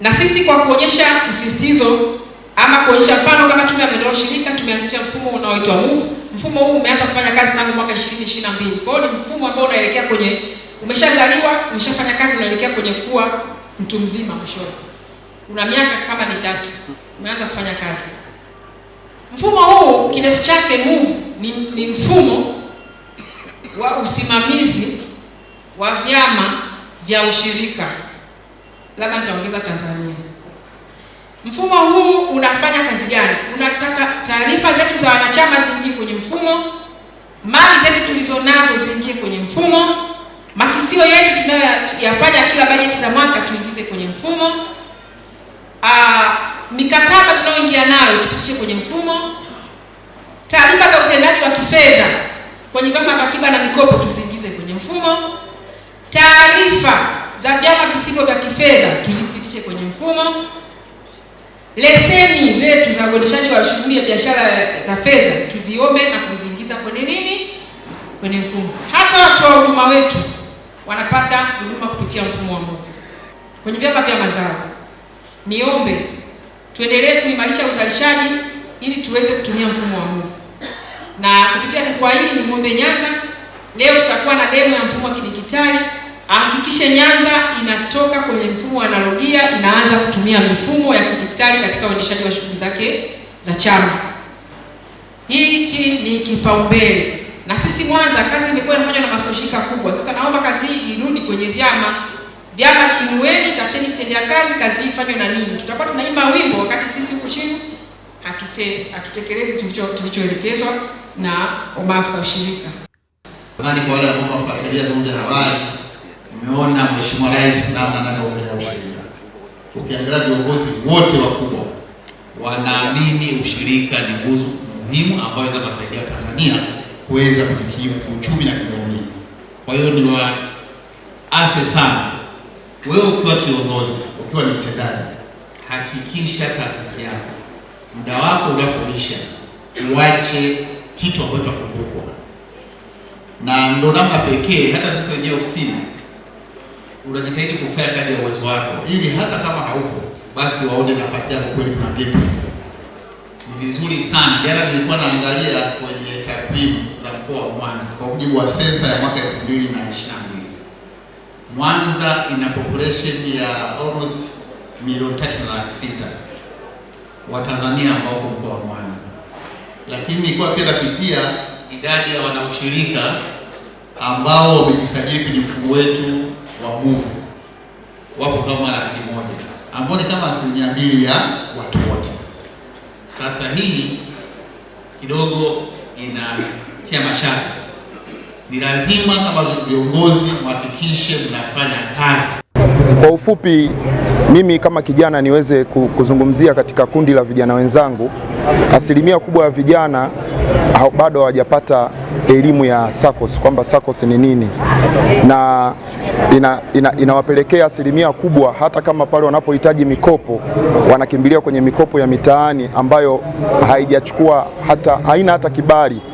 Na sisi kwa kuonyesha msisitizo ama kuonyesha mfano kama Tume ya Maendeleo Shirika tumeanzisha mfumo unaoitwa MOVE. Mfumo huu umeanza kufanya kazi tangu mwaka 2022. Kwa hiyo ni mfumo ambao unaelekea kwenye umeshazaliwa, umeshafanya kazi unaelekea kwenye kuwa mtu mzima mwishoni. Una miaka kama mitatu. Umeanza kufanya kazi. Mfumo huu kirefu chake MOVE ni, ni mfumo wa usimamizi wa vyama vya ushirika labda nitaongeza Tanzania. Mfumo huu unafanya kazi gani? Unataka taarifa zetu za wanachama ziingie kwenye mfumo, mali zetu tulizonazo ziingie kwenye mfumo, makisio yetu tunayoyafanya kila bajeti za mwaka tuingize kwenye mfumo, aa, ah, mikataba tunayoingia nayo tupitishe kwenye mfumo, taarifa za utendaji wa kifedha kwenye vyama vya akiba na mikopo tuziingize kwenye mfumo, taarifa za vyama visivyo vya kifedha tuzipitishe kwenye mfumo. Leseni zetu za uendeshaji wa shughuli ya biashara na fedha tuziombe na kuziingiza kwenye nini, kwenye mfumo. Hata watoa huduma wetu wanapata huduma kupitia mfumo wa MOVU kwenye vyama vya mazao. Niombe tuendelee kuimarisha uzalishaji ili tuweze kutumia mfumo wa MOVU na kupitia jukwaa hili mwombe Nyanza, leo tutakuwa na demo ya mfumo wa kidigitali ahakikishe Nyanza inatoka kwenye mfumo wa analogia inaanza kutumia mifumo ya kidijitali katika uendeshaji wa shughuli zake za chama. Hiki ni kipaumbele, na sisi Mwanza kazi imekuwa inafanywa na maafisa ushirika kubwa. Sasa naomba kazi hii irudi kwenye vyama. Vyama inueni, tafuteni kitendea kazi, kazi hii ifanywe na nini. Tutakuwa tunaimba wimbo wakati sisi huku chini hatute hatutekelezi tulichoelekezwa na maafisa ushirika. Nani kwa wale ambao wafuatilia pamoja na namna anavyoongelea ushirika. Ukiangalia viongozi wote wakubwa wanaamini ushirika ni nguzo muhimu ambayo inaweza kusaidia Tanzania kuweza kujikimu kiuchumi na kijamii. Kwa hiyo ni waase sana, wewe ukiwa kiongozi, ukiwa ni mtendaji, hakikisha taasisi yako muda wako unapoisha uache kitu ambacho kitakumbukwa, na ndo namna pekee hata sisi wenyewe ofisini unajitahidi kufanya kadri ya uwezo wako, ili hata kama haupo basi waone nafasi yako kweli kuna vipi. Ni vizuri sana. Jana nilikuwa naangalia kwenye takwimu za mkoa wa Mwanza kwa mujibu wa sensa ya mwaka 2022 Mwanza ina population ya almost milioni tatu na laki sita Watanzania ambao wako mkoa wa Mwanza, lakini nilikuwa pia napitia idadi ya wanaushirika ambao wamejisajili kwenye mfumo wetu nguvu wapo kama laki moja ambao ni kama asilimia mbili ya watu wote. Sasa hii kidogo inatia mashaka. Ni lazima kama viongozi mhakikishe mnafanya kazi. Kwa ufupi, mimi kama kijana niweze kuzungumzia katika kundi la vijana wenzangu, asilimia kubwa ya vijana bado hawajapata elimu ya SACCOS, kwamba SACCOS ni nini na ina, ina, inawapelekea asilimia kubwa, hata kama pale wanapohitaji mikopo wanakimbilia kwenye mikopo ya mitaani ambayo haijachukua hata haina hata kibali.